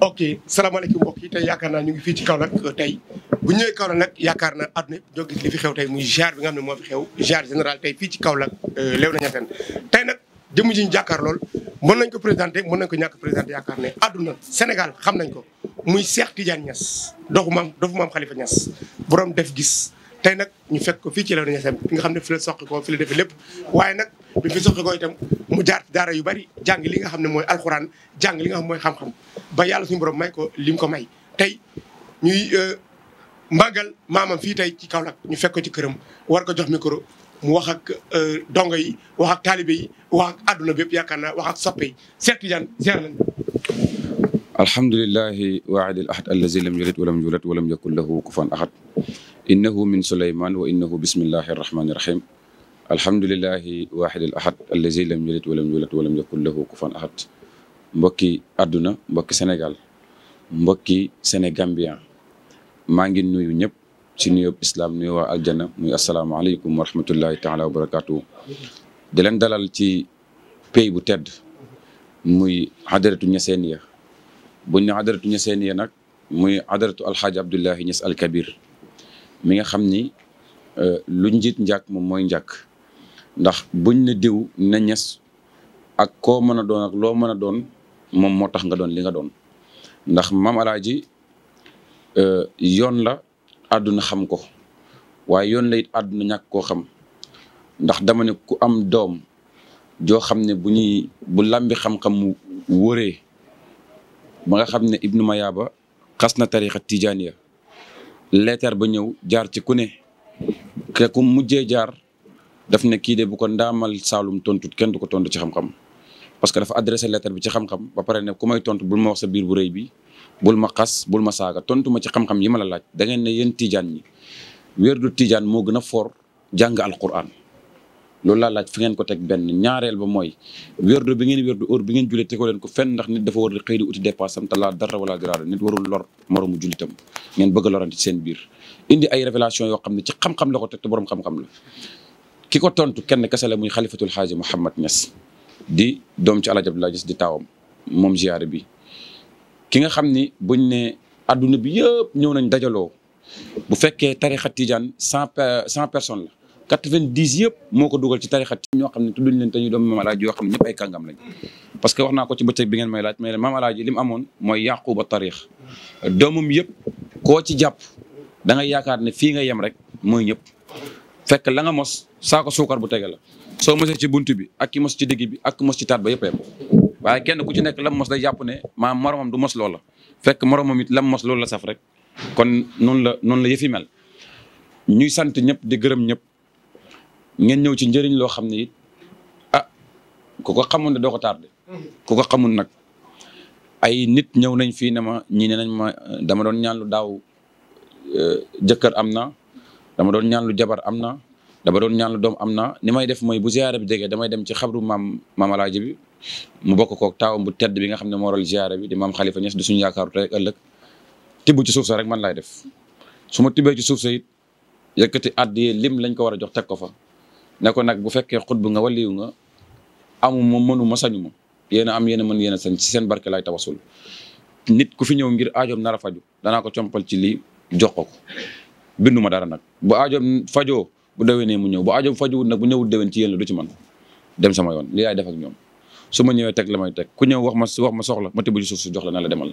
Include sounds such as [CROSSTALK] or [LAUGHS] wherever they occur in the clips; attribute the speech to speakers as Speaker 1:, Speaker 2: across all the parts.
Speaker 1: ok salaamaaleykum mbokk yi tey yaakaar naa ñu ngi fii ci Kaolack euh, tey bu ñëwee Kaolack nag yaakaar naa àdduna yëpp doo gis li fi xew tey muy ziar bi nga xam ne moo fi xew ziar général tey fii ci Kaolack euh, Léona Niassène tey nag jëmm ji ñu lool mën nañ ko présenté mën nañ ko ñàkk présenté yaakaar ne àdduna Sénégal xam nañ ko muy Cheikh Tidiane Niass doxu maam dofu maam Khalifa Niass borom def gis tey nag ñu fekk ko fii ci Léona Niassène fi nga xam ne fi la ko fi la defee lépp waaye nag bi fi soqi ko itam mu jaar daara yu bari jàng li nga xam ne mooy alxuraan jàng li nga xam mooy xam-xam ba yàlla suñu may ko li mu ko may tey ñuy euh, màggal maamam fii tey ci Kaolack ñu fekk ko ci këram war ko jox micro mu wax ak euh, dongo yi wax ak bi yi wax ak àdduna bépp yaakaar naa wax ak soppe yi Cheikh Tidiane ziar nañ
Speaker 2: alhamdulilahi waahidil ahad allazi lam yalid walam yulad walam yakun lahu kufuwan ahad innahu min suleyman wa innahu bismillahi arrahmani irrahim alhamdulilahi waahidil ahad allazi lam yalid walam yulad walam yakun lahu kufuwan ahad mbokki àdduna mbokki sénégal mbokki sénégambien maa ngi nuyu ñëpp ci nuyób islaam nuyu waa aljana muy asalaamaaleykum wa rahmatullahi taala wa barakatuhu di leen dalal ci pays bu tedd muy xadaratu ñaseeniya buñ ne xadaratu ñaseeniya nag muy xadaratu alxaaji abdullahi ñas alkabir mi nga xam ni euh, lu njiit njàkk moom mooy njàkk ndax buñ ne diw na ñes ak koo mën a doon ak loo mën a doon moom moo tax nga doon li nga doon ndax maam alaaji euh, yoon la àdduna xam ko waaye yoon la it àdduna ñàkk koo xam ndax dama ne ku am doom joo xam ne bu ñuy bu lambi xam-xam wëree ba nga xam ne ibnu mayaaba xas na tarixa ya leetar ba ñëw jaar ci ku ne ke mujjee jaar daf ne kii de bu ko ndaamal saalum tontu kenn du ko tontu ci xam-xam parce que dafa adressé leetar bi ci xam-xam ba pare ne ku may tontu bul ma wax biir bu rëy bi bul ma xas bul ma saaga tontu ma ci xam-xam yi ma laaj dangeen ngeen ne yéen tijaan ñi wér du tijaan moo gën a for jàng alquran loolu laa laaj ngeen ko teg benn ñaareel ba mooy wérdu bi ngeen wérdu heure bi ngeen julee tegoo leen ko fenn ndax nit dafa war di xëy di uti dépassam te laa dara wala diraara nit warul lor moromu jullitam ngeen bëgg a seen biir indi ay révélation yoo xam ne ci xam-xam la ko teg te borom xam-xam la ki ko tontu kenn kese la muy xalifatul xaaji Mouhamad Niass di doom ci Alaaji Abdoulaye Niass di taawam moom ziyaare bi ki nga xam ni buñ ne adduna bi yëpp ñëw nañ dajaloo bu fekkee tarixa tijaan cent cent personnes la quatre-vingt-dix yëpp moo ko dugal ci a ñoo xam ne tudduñ leen te ñu doom Maam a yoo xam ne ñëpp ay kàngam lañ parce que wax ko ci bëccëg bi ngeen may laaj mais Maam Alaaji yëpp koo ci jàpp da yaakaar ne fii nga yem rek mooy ñëpp fekk la nga mos saako suukar bu tege la soo mosee ci bunt bi ak ki mos ci digg bi ak ki mos yëpp yëpp kenn ku ci nekk lam mos day jàpp ne maam moromam du mos loola fekk moromam it lam mos loolu la saf rek kon noonu la noonu la yëfi mel ñuy sant ñëpp di gërëm ñëpp ngeen ñëw ci njëriñ loo xam ne it ah ko xamoon ne doo ko tardé ku ko nag ay nit ñëw nañ fii ne ma ñii ne nañ ma dama doon ñaan lu daaw euh, jëkkër am na dama doon ñaan lu jabar am na dama doon ñaan lu doom am na ni may def mooy bu ziyaara bi jege damay dem ci xabru maam maam alaaji bi mu bokk koog taawam bu tedd bi nga xam ne moo waral ziyaara bi di maam xalifa ñes di suñu yaakaaru tey ëllëg tibb ci suuf sa rek man laay def su ma tibbee ci suuf it yëkkati àddiyee lim lañ ko war a jox teg ko fa ne ko nag bu fekkee xut bu nga waliyu nga amu ma mënu sañu yéen a am yéen a mën yéen a sañ ci seen barke laay tawasul nit ku fi ñëw ngir aajoom nara a faju danaa ko compal ci lii jox ko ko bindu ma dara nag bu aajoom fajoo bu déwénee mu ñëw bu aajoom fajuwut nag bu ñëwut déwén ci yéen la du ci man dem sama yoon li yaay def ak ñoom su ma ñëwee teg la may teg ku ñëw wax ma wax ma soxla ma tibb ci suuf su jox la na la demal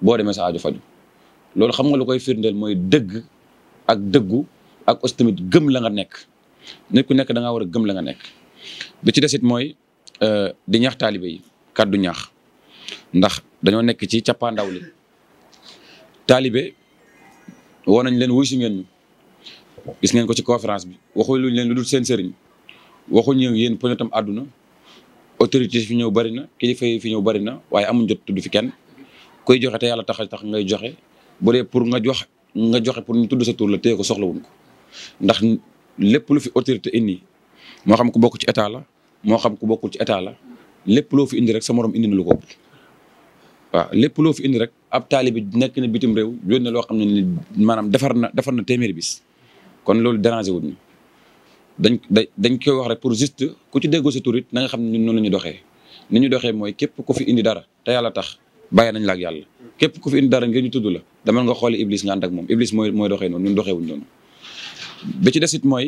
Speaker 2: boo demee sa aajo faju loolu xam nga lu koy firndeel mooy dëgg ak dëggu ak aussi tamit gëm la nga nekk nit ku nekk da ngaa war a gëm la nga nekk bi ci desit mooy euh, di ñaax taalibe yi kàddu ñax ndax dañoo nekk ci cappaandaw li taalibe woo nañ leen wuy si ngeen ñu gis ngeen ko ci conférence bi waxu luñ leen lu dul seen sëriñ waxuñ yéen poñatam àdduna autorité fi ñëw bari na kilifa yi fi ñëw bari na waaye amuñ jot fi kenn koy joxe te yàlla tax tax ngay joxe bu pour nga jox nga joxe pour ñu tudd sa tur la téye ko soxlawuñ ko lépp lu fi autorité indi moo xam ku bokk ci état la moo xam ku bokkul ci état la lépp loo fi indi rek sa morom indi na lu ko waaw lépp loo fi indi rek ab taalibi nekk na bitim réew yónne loo xam ne ni maanaam defar na defar na téeméeri bis kon loolu dérangé wut ñu dañ dañ koy wax rek pour juste ku ci déggoo sa na nga xam ne ñun noonu ñu doxee ni ñu doxee mooy képp ku fi indi dara te yàlla tax bàyyi nañ la ak yàlla képp ku fi indi dara ngir ñu tudd la dama nga xoole iblis nga ànd moom iblis mooy mooy doxee noonu ñun doxeewuñ noonu bi ci desit mooy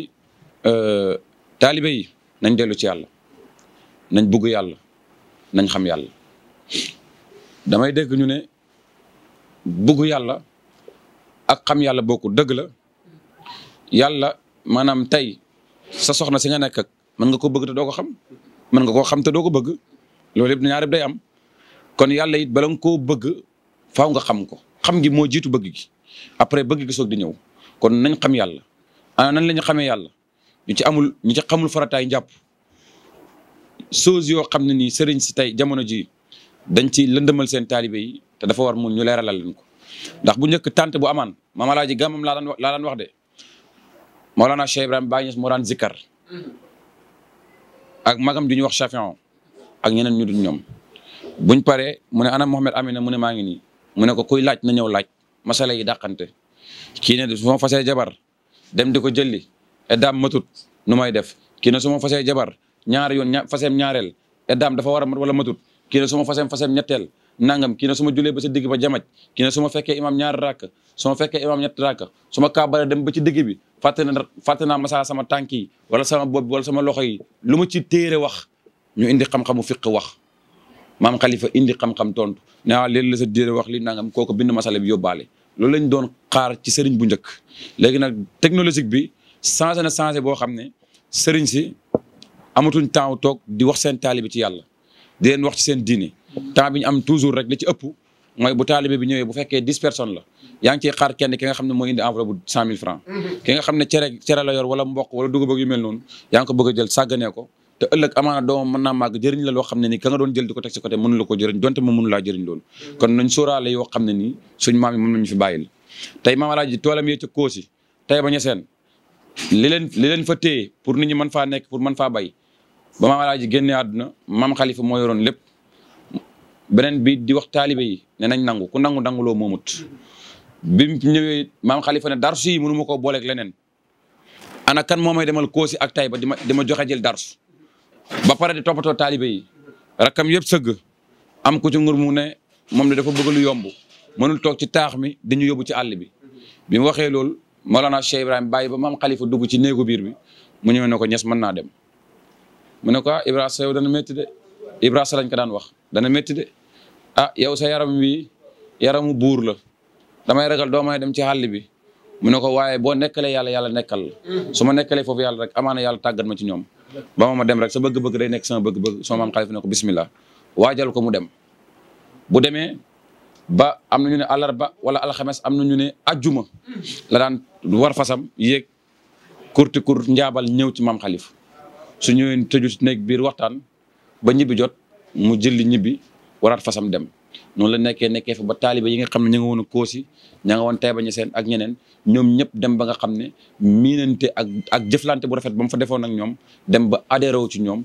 Speaker 2: euh, taalibe yi nañ dellu ci yàlla nañ bugg yàlla nañ xam yàlla damay dégg ñu ne bugg yàlla ak xam yàlla boo ko dëgg la yàlla maanaam tey sa soxna si nga nekk ak mën nga ko bëgg te doo ko xam mën nga koo xam te doo ko bëgg loolu yëpp ñaar day am kon yàlla it bala nga koo bëgg faaw nga xam ko xam gi moo jiitu bëgg gi après bëgg gi soog di ñëw kon nañ xam yàlla ana nan la xamee yàlla ñu ci amul ñu ci xamul farataay njàpp choses yoo xam ne nii sëriñ si tey jamono ji dañ ci lëndëmal seen taalibe yi te dafa war mun ñu leeralal leen ko ndax bu njëkk tànt bu amaan ma gàmmam laa daan laa wax de Mawlana Cheikh Ibrahima Baye Niass moo daan zikkar ak magam ju ñuy wax Chafion ak ñeneen ñu dul ñoom buñ paree mu ne ana Mohamed Amina mu ne maa ngi nii mu ne ko kuy laaj na ñëw laaj masala yi dàqante kii ne fasee jabar dem di ko jëli eddaam matut nu may def kii na su ma fasee jabar ñaari yoon ña faseem ñaareel eddaam dafa war a mat wala matut kii na su ma faseem faseem ñetteel nangam kii na su ma julee ba sa digg ba jamaj kii na su ma fekkee imaam ñaari rakk su ma fekkee imaam ñett rakk su ma kaabara dem ba ci digg bi fàtte na fàtte naa masaa sama tànk yi wala sama bopp bi wala sama loxo yi lu ma ci téere wax ñu indi xam-xamu fiq wax maam xalifa indi xam-xam tontu ne ah léegi la sa téere wax lii nangam kooku bind masala bi yóbbaale loolu lañ doon xaar ci sëriñ bu njëkk léegi nag technologique bi changé na changé boo xam ne sëriñ si amatuñ temps toog di wax seen taalibe ci yàlla di leen wax ci seen diine temps bi ñu am toujours rek li ci ëpp mooy bu taalibe bi ñëwee bu fekkee dix la yaa ngi ciy xaar kenn ki nga xam ne mooy indi enveloppe bu cent mille francs mm-hmm. ki nga xam ne cere cere la yor wala mboq wala dugub ak yu mel noonu yaa ngi ko bëgg a jël sàgganee ko te ëllëg amaana doomam mën naa màgg jëriñ la loo xam ne ni ka doon jël di ko teg si côté mënu la ko jëriñ donte moom mënu laa jëriñ loolu mm. kon nañ sóoraale yoo xam ne nii suñ maam yi moom nañu fi bàyyil tey maam alaaji toolam yee ca koosi tey ba ñeseen li leen li fa téye pour nit ñi mën faa nekk pour mën faa bay ba maam alaaji génne àdduna maam xalifa moo yoroon lépp beneen bi di wax taalibe yi ne nañ nangu ku nangu nangu loo moomut bi ñëwee maam xalifa ne darsu yi mënu ma koo booleeg leneen ana kan moo may demal koosi ak tay ba di ma di ma joxe jël darsu ba pare di toppatoo taalibe yi rakkam yëpp sëgg am ku ci ngur mu ne moom ne dafa bëgg lu yomb mënul toog ci taax mi dañu yóbbu ci àll bi bi mu waxee loolu Mawlana Cheikh Ibrahima bàyyi ba maam Khalifa dugg ci néegu biir bi mu ñëwee ne ko ñes mën naa dem mune ko ah Ibra sa dana metti de Ibra sa lañ ko daan wax dana métti de ah yow sa yaram wi yaramu buur la damay ragal doo may dem ci àll bi mu ne ko waaye boo nekkalee yàlla yàlla nekkal la mm. su ma nekkalee foofu yàlla rek amaana yàlla tàggat ma ci ñoom ba ma ma dem rek sa bëgg-bëgg day nekk sama bëgg-bëgg soo ne ko bismillah waajal ko mu dem bu demee ba am na ñu ne àllarba wala alxames am na ñu ne ajjuma la daan war fasam yéeg kurti kur njaabal ñëw ci maam xalif su ñëwee tëju ci néeg biir waxtaan ba ñibbi jot mu jëlli ñibbi waraat fasam dem noonu la nekkee nekkee fa ba taalibe yi nga xam ne ñu nga woon a Koosi ña nga woon ak ñeneen ñoom ñëpp dem ba nga xam ne miinante ak ak jëflante bu rafet ba mu fa defoon ak ñoom dem ba adhéré wu ci ñoom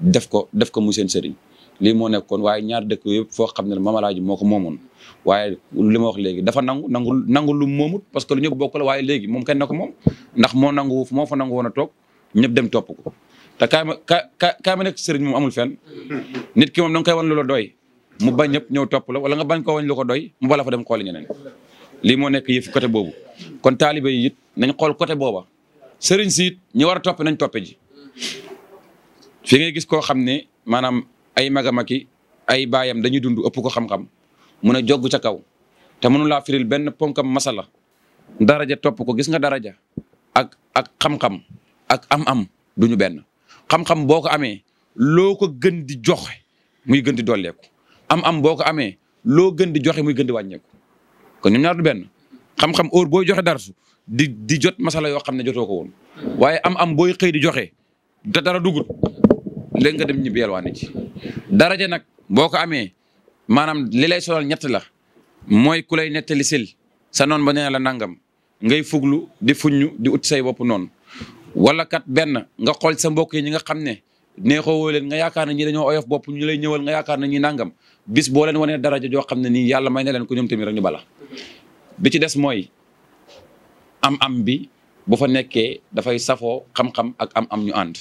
Speaker 2: def ko def ko mu seen sëriñ lii moo nekkoon waaye ñaar dëkk yëpp foo xam ne mamalaaji moo ko moomoon waaye li ma wax léegi dafa nangu nangu nangu lu moomut parce que lu ñëpp bokk la waaye léegi moom kenn na ko moom ndax moo nangu moo fo nangu woon a toog ñëpp dem topp ko te kaay ma kaay ma nekk sëriñ moom amul fenn nit ki moom da koy wan lu la doy mu bañ ñëpp ñëw topp la wala nga bañ ko wañ lu ko doy mu bala fa dem xooli ñeneen lii moo nekk yëfi côté boobu kon taalibe yi it nañ xool côté booba sëriñ si it ñi war a toppe nañ toppe ji fi ngay gis koo xam ne maanaam ay magamaki ay baayam dañuy dund ëpp ko xam-xam mun a jogg ca kaw te mënu laa firil benn ponkam masala daraja topp ko gis nga daraja ak ak xam-xam ak am-am duñu benn xam-xam boo ko amee loo ko gën di joxe muy gën di dolleeku am-am boo ko amee loo gën di joxe muy gën di wàññeeku kon ñoom ñaar benn xam-xam óor booy joxe darsu di di jot masala yoo xam ne jotoo ko woon waaye am-am booy xëy di joxe da dara dugut léegi nga dem ñibbi yalwaane ci daraja nag boo ko amee maanaam li lay sonal ñett la mooy ku lay nettali sil sa noon ba nee la nangam ngay fuglu di fuññu di ut say bopp noonu wala kat benn nga xool sa mbokk yi ñi nga xam ne neexoo woo leen nga yaakaar ne ñi ñu lay ñëwal nga yaakaar ne ñi nangam bis boo leen wanee daraja joo xam ne ni yàlla may na leen ko ñoom tamit rek ñu bala bi ci des mooy am-am bi boo fa nekkee dafay safoo xam-xam ak am-am ñu ànd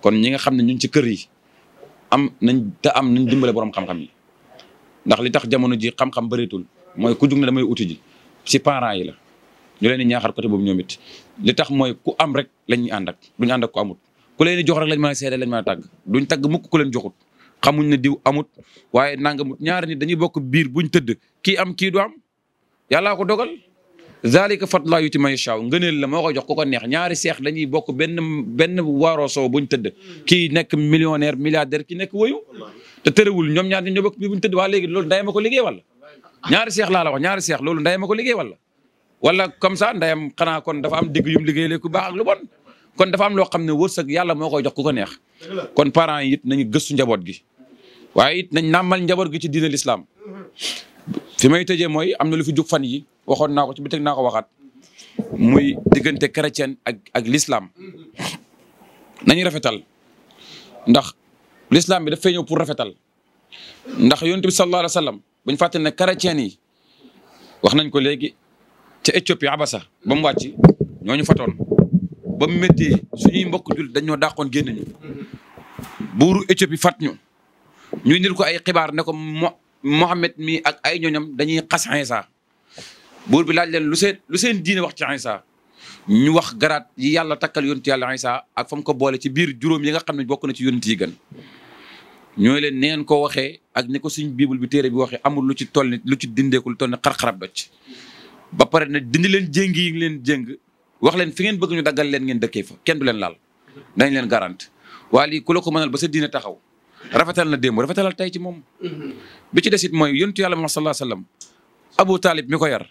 Speaker 2: kon ñi nga xam ne ñu ngi ci kër yi am nañ te am nañ dimbale borom xam yi ndax li tax jamono ji xam-xam mooy ku jug ne damay uti ji si parent yi la ñu leen di ñaaxar côté boobu ñoom it li tax mooy ku am rek lañ ñu ànd ak duñu ànd ak ku amut ku jox rek a seede lañ mën a tàgg duñ tàgg mukk ku leen joxut xamuñ ne diw amut waaye nangamut ñaari nit dañuy bokk biir buñ tëdd kii am kii du am yàllaa ko dogal zalika fadlaa yuti man yashaa ngëneel la moo ko jox ku ko neex ñaari seex dañuy bokk benn benn waaroo soow buñ tëdd kii nekk millionnaire milliardaire kii nekk wëyu te tërëwul ñoom ñaar ñoo bokk biir buñ tëdd waa léegi loolu ndayama ko liggéey wala ñaari seex laa la wax ñaari seex loolu ndayama ko liggéey wala wala comme ça ndayam xanaa kon dafa am digg yum liggéey ku baax ak lu bon kon dafa loo xam ne wërsëg yàlla moo koy jox ku ko neex kon parents yi it nañu gëstu njaboot gi waaye it nañ nàmmal njaboot gi ci diine lislaam fi may tëjee mooy am na lu fi jug fan yi waxoon naa ko ci bi teg naa ko waxaat muy diggante chrétien ak ak lislaam nañu rafetal ndax lislaam bi daf fay ñëw pour rafetal ndax yonent bi sallallahu alayhi wa sallam buñ fàtte ne chrétien yi wax nañ ko léegi ca Éthiopie Abasa ba mu wàcc ñooñu fatoon ba mu méttee suñuy mbokk jul dañ ñoo dàqoon génn ñu buuru Éthiopie fat ñu ñu indil ko ay xibaar ne ko Mohamed mi ak ay ñooñam dañuy xas Iisaa buur bi laaj leen lu seen lu seen diine wax ci Iisaa ñu wax garaat yi yàlla takkal yonent yàlla Iisaa ak fa mu ko boole ci biir juróom yi nga xam ne bokk na ci yonent yi gan ñooy leen ni ngeen ko waxee ak ni ko suñ bible bi téere bi waxee amul lu ci toll ni lu ci dindeeku lu toll ni xar-xarab doj ba pare ne dindi leen jéng leen jéng wax leen fi ngeen bëgg ñu daggal leen ngeen dëkkee fa kenn du leen laal dañ leen garante waa lii ku la ko mënal ba sa diine taxaw rafetal na démb rafetalal tey ci moom. bi ci des it mooy yontu yàlla moom sallallahu alayhi wa sallam Abu Talib mi ko yar.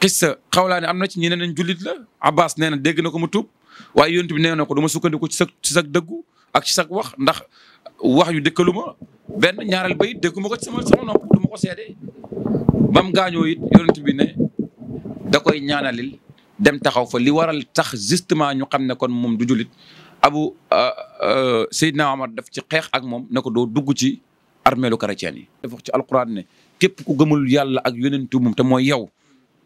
Speaker 2: xissa xawlaa ne am na ci ñeneen nañ julit la Abbas nee na dégg na ko mu tuub waaye yontu bi nee na ko dama sukkandiku ci sa ci sa dëggu ak sa wax ndax wax yu dëkkalu ma benn ñaareel ba it ma ko ci sama sama nopp du ko seede ba mu gaañoo it bi ne da koy ñaanalil dem taxaw fa li waral tax justement ñu xam ne kon moom du julit abu euh, euh, Seydina Omar def ci xeex ak moom ne ko doo dugg ci armeelu chrétien yi dafa wax ci alquran ne képp ku gëmul yàlla ak yonentu moom te mooy yow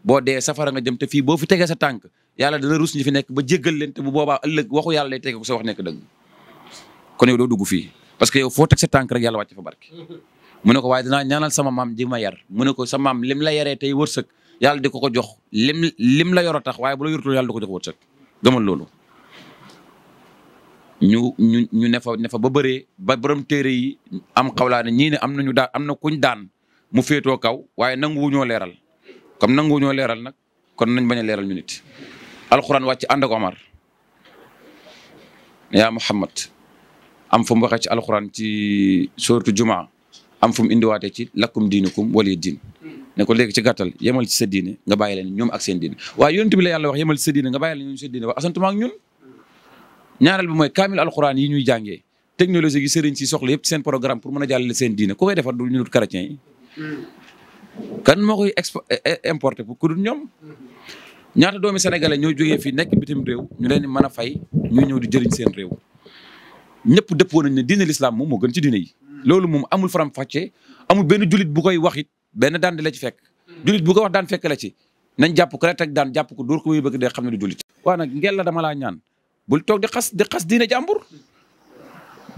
Speaker 2: boo dee safara nga jëm te fii boo fi tegee sa tànk yàlla dana rus ñi fi nekk ba jéggal leen te bu boobaa ëllëg waxu yàlla lay tege ko sa wax nekk dëgg kon yow doo dugg fii parce que yow foo teg sa tànk rek yàlla wàcc fa barke mu ne ko waaye dinaa ñaanal sama maam ji ma yar mu ne ko sa maam lim la yaree tey wërsëg yàlla di ko ko jox lim lim la yor tax waaye bu la yàlla ko jox wërsëg gëmal loolu ñu ñu ñu ne fa ba bëree ba borom téere yi am xawlaa ne ñii ne am nañu daan am na kuñ daan mu féetoo kaw waaye nanguwu leeral comme nangu ñoo leeral nag kon nañ bañ leeral ñu nit alxuraan wàcc ànd Omar yaa Muhammad am fu waxee ci alxuraan ci sooratu jumaa am fu mu ci lakkum diinukum waliya diin ne ko léegi ci gàttal yemal ci sa diine nga bàyyi leen ñoom ak seen diine waaye yonent bi la yàlla wax yemal ci sa nga bàyyi leen ñoom seen diine wax asantuma ñun. ñaareel bi mooy kaamil alxuraan yi ñuy jàngee technologie gi sëriñ si soxla yëpp seen programme pour mën a jàllale seen diine ku koy defar du ñu dul chrétien yi. Hmm. kan moo koy expo eh, eh, importé pour ku dul ñoom. ñaata doomi sénégalais ñoo jógee fii nekk bitim réew ñu leen mën a fay ñuy ñëw di jëriñ seen réew ñëpp dëpp nañ ne diine lislaam moom moo gën ci diine yi. Hmm. loolu moom amul faram fàccee amul benn julit bu koy wax it benn daan di la ci fekk. Hmm. julit bu ko wax daan fekk la ci nañ jàpp ko rek daan jàpp ko dóor ko muy bëgg dee xam ne du julit. waaw nag dama laa ñaan. bul toog de xas di xas diina jàmbur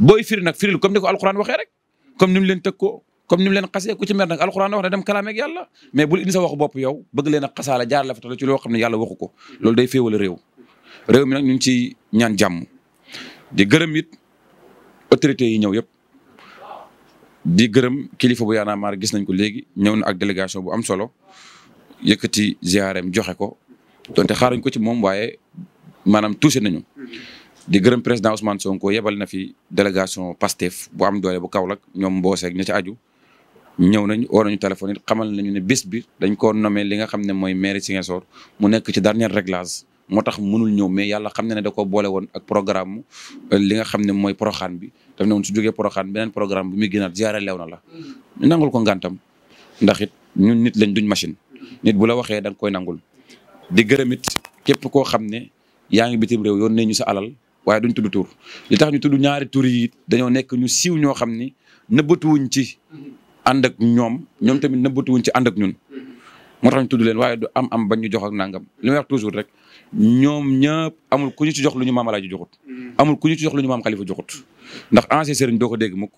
Speaker 2: booy firi nag firil comme ni ko waxee rek comme ni mu leen tëkkoo comme ni mu leen xasee ku ci mer nag alxuraan wax ne dem kalaameeg yàlla mais bul indi sa waxu bopp yow bëgg leen a xasaala jaar la fa ci loo xam ne yàlla waxu ko loolu day féewale réew réew mi nag ñu ngi ciy ñaan jàmm di gërëm it autorités yi ñëw yëpp di gërëm kilifa bu yaana maar gis nañ ko léegi ñëw na ak délégation bu am solo yëkkati joxe ko donte xaaruñ ko ci moom waaye maanaam touché nañu. di gërëm président Ousmane Sonko yebal na fi délégation Pastef bu am doole bu Kaolack ñoom Mbose ak ña ca aju. ñëw nañ oo nañu téléphone it xamal nañu ne bés bi dañ koo nommé li nga xam ne mooy maire Ziguinchor mu nekk ci dernier réglage moo tax munul ñëw mais yàlla xam na ne da koo boole woon ak programme li nga xam ne mooy Porokhane bi daf ne woon su jógee Porokhane beneen programme bu muy ginaat ziare leew na la ñu nangul ko ngantam ndaxit ñun nit lañ duñ machine nit bu la waxee dang koy nangul di yaa ngi bitim réew yónnee ñu sa alal waaye duñ tuddu tur li tax ñu tudd ñaari tur yi dañoo nekk ñu siiw ñoo xam ni nëbbatuwuñ ci ànd ak ñoom ñoom tamit nëbbatuwuñ ci ànd ak ñun moo tax ñu tudd leen waaye du am am bañ ñu jox ak nangam lu may toujours rek ñoom ñëpp amul ku ñu ci jox lu ñu maam alaaji joxut amul ku ñu ci jox lu ñu maam xalifa joxut ndax ancien sëriñ doo ko dégg mukk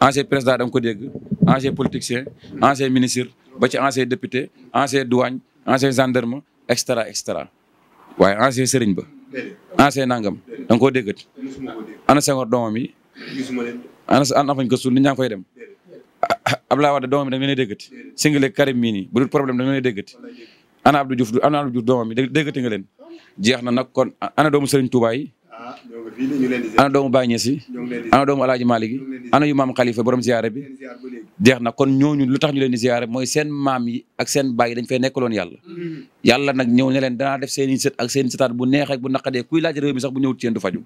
Speaker 2: ancien président da nga ko dégg ancien politicien ancien ministre ba ci ancien député ancien douane ancien gendarme et cetera et cetera waaye ancien sëriñ ba ancien nangam dan nga koo déggat ana Senghor doomam yi ana ana fañ ko suul nit ñaa ngi dem am Wade doomam yi da nga leen déggati Senghor Karim mii nii bu dul problème da nga leen déggati ana Abdou Diouf ana Abdou Diouf doomam déggati nga leen jeex na nag kon ana doom sëriñ Touba ana doomu Baye Niass yi ana doomu Alaaji Maalik yi ana yu maam Khalifa borom ziyaare bi jeex na kon ñooñu lu tax ñu leen di ziyaare mooy seen maam yi ak seen baay yi dañ fee loon yàlla yàlla nag ñëw ne leen danaa def seen i seen i sëtaat bu neex ak bu naqadee kuy laaj réew mi sax bu ñëwut ci yéen du faju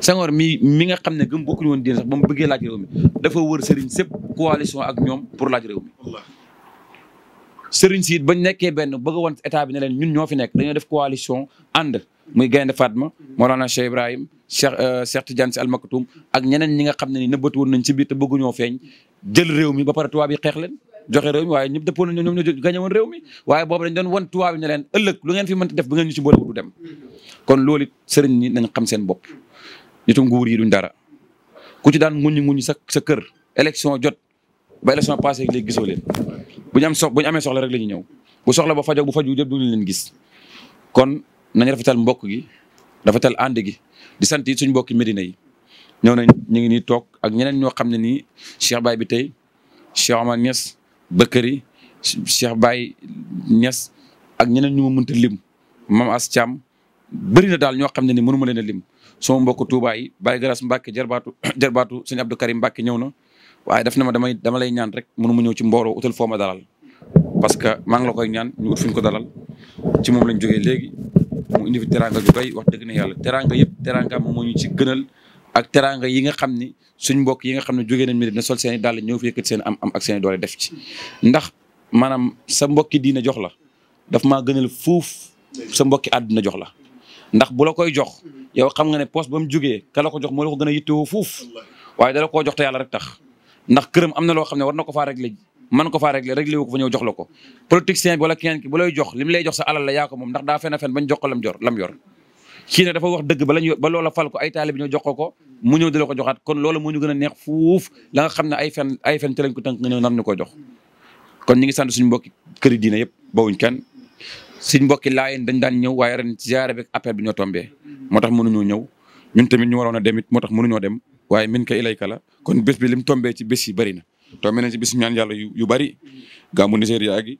Speaker 2: Senghor mi nga xam ne gëm bokkuñu woon diine sax ba mu bëggee laaj réew mi dafa wër sëriñ sëp coalition ak ñoom pour laaj réew mi sëriñ si it bañ nekkee benn bëgg woon état bi ne ñun ñoo fi nekk dañoo def coalition ànd muy gaynde Fatma Mawlana Cheikh Ibrahim Cheikh euh, Cheikh Tidiane si almaktoum ak ñeneen ñi nga xam ne ni bët woon nañ ci biir te bëgguñoo feeñ jël réew mi ba pare tubaab i xeex leen joxe réew mi waaye ñëpp dëppoon nañ ñoom ñoo gañe woon réew mi waaye boobu dañ doon wan tubaab yi ne leen ëllëg def bu ngeen ñu ci kon loolu it sëriñ ñi nañ xam seen bopp nitu nguur yi duñ dara ku ci daan nguñu nguñu sa sa kër élection jot ba élection passé ak léegi gisoo leen bu ñu am sox bu ñu amee soxla rek la ñu ñëw bu soxla ba fajoo bu faju yëpp duñu leen gis nañ rafetal mbokk gi rafetal ànd gi di sant it suñ mbokki Medina yi ñëw nañ ñu ngi nii toog ak ñeneen ñoo xam ne nii Cheikh baay bi tey Cheikh Omar Niass Bakary Cheikh Baye Niass ak ñeneen ñu ma mënta lim Mame As Thiam bëri daal ñoo xam ne ni mënu ma leen lim soo mbokku tuubaay yi Baye Garas Mbacke jarbaatu [COUGHS] jarbaatu sëñ Abdou Karim Mbacke ñëw na waaye daf na ma damay dama lay ñaan rek mënu ma ñëw ci mbooloo utal foo ma dalal parce que maa ngi la koy ñaan ñu ut fuñ ko dalal ci moom lañ jógee léegi mu indi fi teranga ju doy wax dëgg ne yàlla teranga yëpp teranga moo ñu ci gënal ak teranga yi nga xam ni suñ mbokk yi nga xam ne jógee nañ mi dina sol seen i dàll ñëw fi yëkkati seen am ak seen doole def ci ndax maanaam sa mbokki diina jox la daf maa gënal fuuf sa mbokki àdduna jox la ndax bu la koy jox yow xam nga ne poste ba mu jógee ka la ko jox moo la ko gën a yittewoo fuuf waaye dala koo jox te yàlla rek tax ndax këram am na loo xam ne war na ko faa régler man ko faa réglé réglé wu ko fa ñëw jox la ko politicien bi wala keneen ki bu lay jox li mu lay jox sa alal yaa ko moom ndax daa fen a fen bañ jox wax dëgg ba ba loola fal ko ay taalibe ñëw ko ko mu ñëw di la ko joxaat kon loola moo ñu gën a neex fuuf la nga xam ne ay fen ay fen ci lañ ko tënk nga ñëw nar ko jox kon ñi ngi sant suñu mbokki këri diine yëpp bawuñ kenn suñ mbokki laayen dañ daan ñëw waaye ren ziare bi appel bi ñoo tombee moo tax mënuñoo ñëw ñun tamit ñu waroon a dem moo tax mënuñoo dem waaye min ka ilayka la kon bés bi lim tombee ci bés yi bari na tombé nañ si bis ñaan yàlla yu yu bëri gàmmu Nigéria gi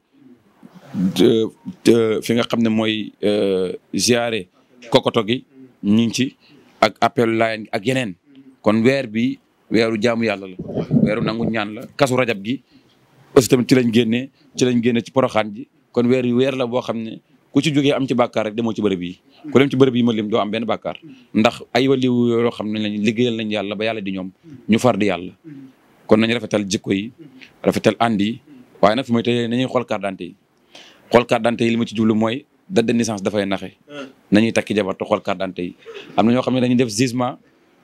Speaker 2: fi nga xam ne mooy euh, ziare kokoto gi ñu ngi ci ak appel layen ak yeneen kon weer bi weeru jaamu yàlla la weeru nangu ñaan la kasu rajab gi aussi tamit ci lañ génnee ci lañ génne ci poroxaan ji kon weer yu weer la boo xam ne ku ci jógee am ci bàkkaar rek demoo ci bërëb yi ku dem ci bërëb yi ma lim doo am benn bàkkaar ndax ay waliw yoo xam ne lañ liggéeyal nañ yàlla ba yàlla di ñoom ñu far di yàlla kon nañu rafetal jikko yi rafetal ànd yi waaye nag fi may tëjee nañuy xool carte d'identité yi xool carte d'identité yi li ma ci jublu mooy date de naissance dafay naxe nañuy takki jabar te xool am na ñoo xam ne dañuy def jugement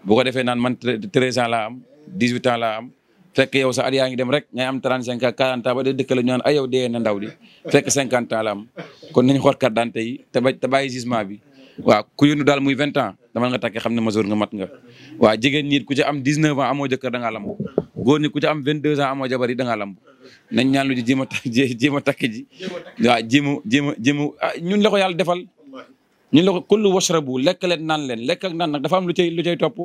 Speaker 2: bu ko defee naan man treize ans laa am dix-huit ans laa am fekk yow sa at ngi dem rek ngay am trente cinq ans quarante ans ba dee dëkk la ñu naan ay yow dee na ndaw di fekk cinquante ans la am kon nañu xool carte d'identité yi te ba te bàyyi jugement bi waaw ku yónnu daal muy vingt ans dama nga takki xam ne majeur nga mat nga waaw jigéen ñi ku ci am dix-neuf ans amoo jëkkër góor ñi ku ci am 22 ans amoo jabar yi da ngaa lamb nañ ñaan lu ji jéem a ta jéem a takk ji waaw jéem a jéem a jéem a ah, ñun la ko yàlla defal ñun la ko kullu washrabu lekk leen naan leen lekk ak naan nag dafa am lu cay lu cay topp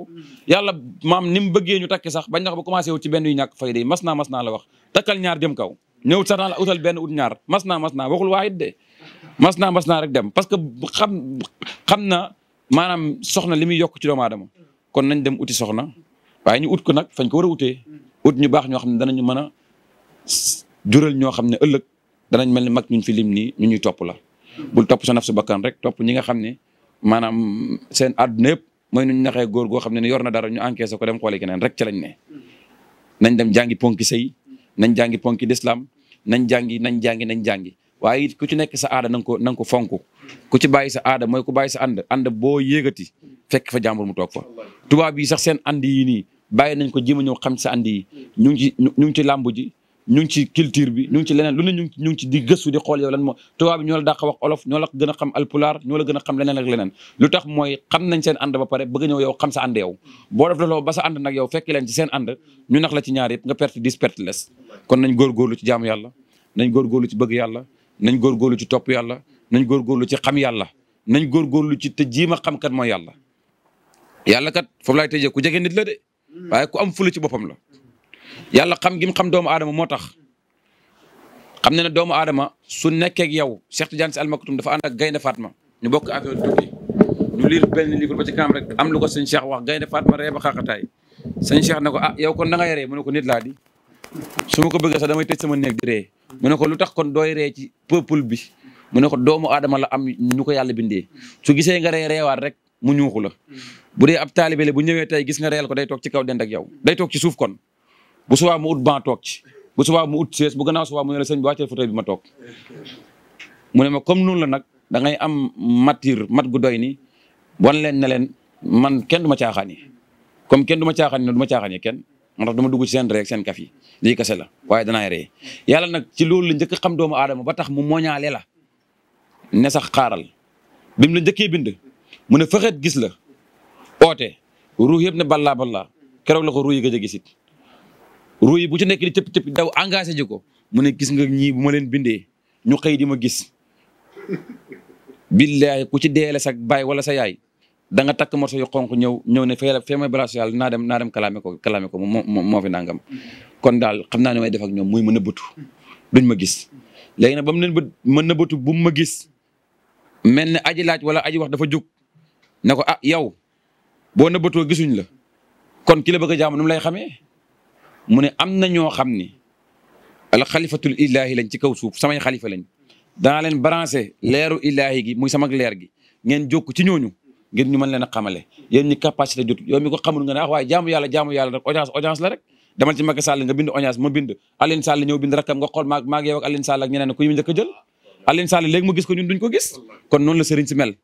Speaker 2: yàlla maam ni mu bëggee ñu takki sax bañ na ko ba commencé wut ci benn yu ñàkk fayda yi mas naa mas naa takkal ñaar jëm kaw ñëw sax naa utal benn ut ñaar mas naa mas naa waxul waayit de mas naa mas naa rek dem parce que xam xam na maanaam soxna li muy yokk ci doomu aadama kon nañ dem uti soxna waaye ñu ut ko nag fañ ko war a utee ut ñu baax ñoo xam ne danañu mën a jural ñoo xam ne ëllëg danañ mel ni mag ñun fi lim nii ñu ñuy topp la bul topp sa naf su bakkan rek topp ñi nga xam ne maanaam seen àdduna yëpp mooy nuñ naxee góor goo xam ne yor na dara ñu encaissé ko dem xoole keneen rek ci lañ ne nañ dem jàngi ponki say nañ jàngi ponki d'islam nañ jàngi nañ jàngi nañ jàngi waaye it ku ci nekk sa aada na ko na nga ko fonk ku ci bàyyi sa aada mooy ku bàyyi sa ànd ànd boo yéegati fekk fa jàmbur mu toog fa bàyyi nañ ko jéem a ñëw xam sa andi yi ñu ci ñu ngi ci làmb ji ñu ngi ci culture bi ñu ngi ci leneen lu ne ñu ngi ñu ngi ci di gëstu di xool yow lan moo tubaab bi ñoo la dàq wax olof ñoo la gën a xam alpulaar ñoo la gën a xam leneen ak leneen lu tax mooy xam nañ seen ànd ba pare bëgg ñëw yow xam sa ànd yow boo def loolu fekk leen ci seen ànd ñu nax la ci ñaar nga perte dis les kon nañ góorgóorlu ci jaamu yàlla nañ góorgóorlu ci bëgg yàlla nañ góorgóorlu ci topp yàlla nañ góorgóorlu ci xam yàlla nañ góorgóorlu ci te jiima xam kat mooy yàlla Mm. waaye ku am fula ci boppam la yàlla xam gi mu xam doomu aadama moo tax xam na ne doomu aadama su nekkee ak yow Cheikh Tidiane Sy Al Maktoum dafa ànd ak Gaynde ñu bokk affaire tukki ñu liir benn livre ba ci rek am lu ko sëñ Cheikh wax Gaynde Fatma ree ba xaqataay sëñ Cheikh ne ko ah yow kon na nga mu ne ko nit laa di su ma ko bëggee sax damay te sama néeg di ree mu ne ko lu tax kon dooy ree ci peuple bi mu ne ko doomu aadama la am ñu ko yàlla bindee su gisee nga ree rek mu ñuuxu la bu dee ab taalibe bu ñëwee tey gis nga reyal ko day toog ci kaw dend ak yow day toog suuf kon bu subaa mu ut ban toog ci bu subaa mu ut sees bu gannaaw subaa mu ne la sëñ bi wàcceel ma toog mu ne ma comme noonu la nag da am matir mat gu doy ni wan leen ne leen man kenn ma caaxaan yi comme kenn du ma caaxaan yi du ma caaxaan yi kenn moo tax ma dugg ci seen reek seen kaf yi lii kese la waaye danaay yàlla nag ci loolu la njëkk xam doomu aadama ba tax mu moñaale la ne sax xaaral bi la njëkkee bind mu ne fexeet gis la oote ruux yëpp ne ballaa ballaa keroog la ko ruux yi gëj a gisit ruux yi bu ci nekk di cëpp cëpp daw engagé ji ko mu ne gis nga ñii bu ma leen bindee ñu xëy di ma gis billahi ku ci deele sa baay wala sa yaay danga takk morso yu xonq ñëw ñëw ne fee la fee may balaasu naa dem naa dem kalaame ko kalaame ko moo moo fi nangam kon daal xam naa ne may def ak ñoom muy mën a bëtu duñ ma gis léegi nag ba mu leen bë mën na bëtu bu mu ma gis mel ne aji laaj wala aji wax dafa jug ne ko ah yow boo nëbbatoo gisuñu la kon ki la bëgg jaamu nu mu lay xamee mu ne am na ñoo xam ni al xalifatul ilaahi lañ ci kaw suuf samay xalifa lañ danaa leen branché leeru ilaahi gi muy sama leer gi ngeen jokk ci ñooñu ngir ñu mën leen a xamale yéen ñi capacité ko xamul nga ne ah waaye jaamu yàlla jaamu yàlla rek audience audience la rek demal ci Macky Sall nga bind audience ma bind Aline Sall ñëw bind rakkam nga xool maag maag yow ak Aline Sall ak ñeneen ku ñu njëkk jël léegi mu gis ko ñun duñ ko gis kon noonu la sëriñ si mel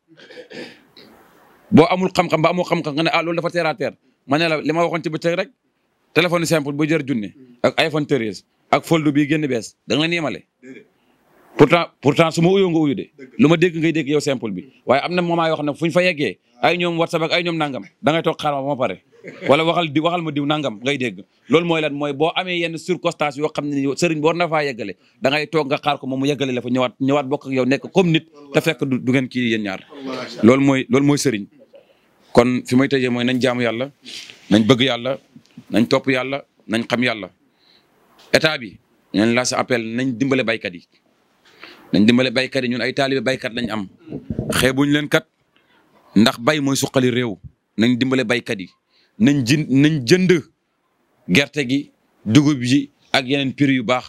Speaker 2: boo amul xam-xam ba amoo xam-xam nga ne ah loolu dafa terre à terre ma ne la li ma waxoon ci bëccëg rek téléphone simple bu jër junne ak iPhone 13 ak fold bii génn bees da nga leen yemale pourtant pourtant su ma uyoo nga uyu de lu ma dégg ngay dégg yow simple bi waaye am na moment yoo xam ne fu ñu fa yeggee ay ñoom WhatsApp ak ay ñoom nangam da ngay toog xaar ma ba ma pare wala waxal di waxal ma diw nangam ngay dégg loolu mooy lan mooy boo amee yenn circonstance yoo xam ne ni sëriñ bi war na faa yeggale da ngay toog nga xaar ko moom mu yeggale la fa ñëwaat ñëwaat bokk ak yow nekk comme nit te fekk du ngeen kii yéen ñaar loolu mooy loolu mooy sëriñ kon fi may tëjee mooy nañ jaamu yàlla nañ bëgg yàlla nañ topp yàlla nañ xam yàlla état bi ñun la sa appel nañ dimbale baykat yi nañ dimbale baykat yi ñun ay taalibe baykat lañ am xeebuñ leen kat ndax bay mooy suqali réew nañ dimbale baykat yi nañ jënd nañ jënd gerte gi dugub ji ak yeneen prix yu baax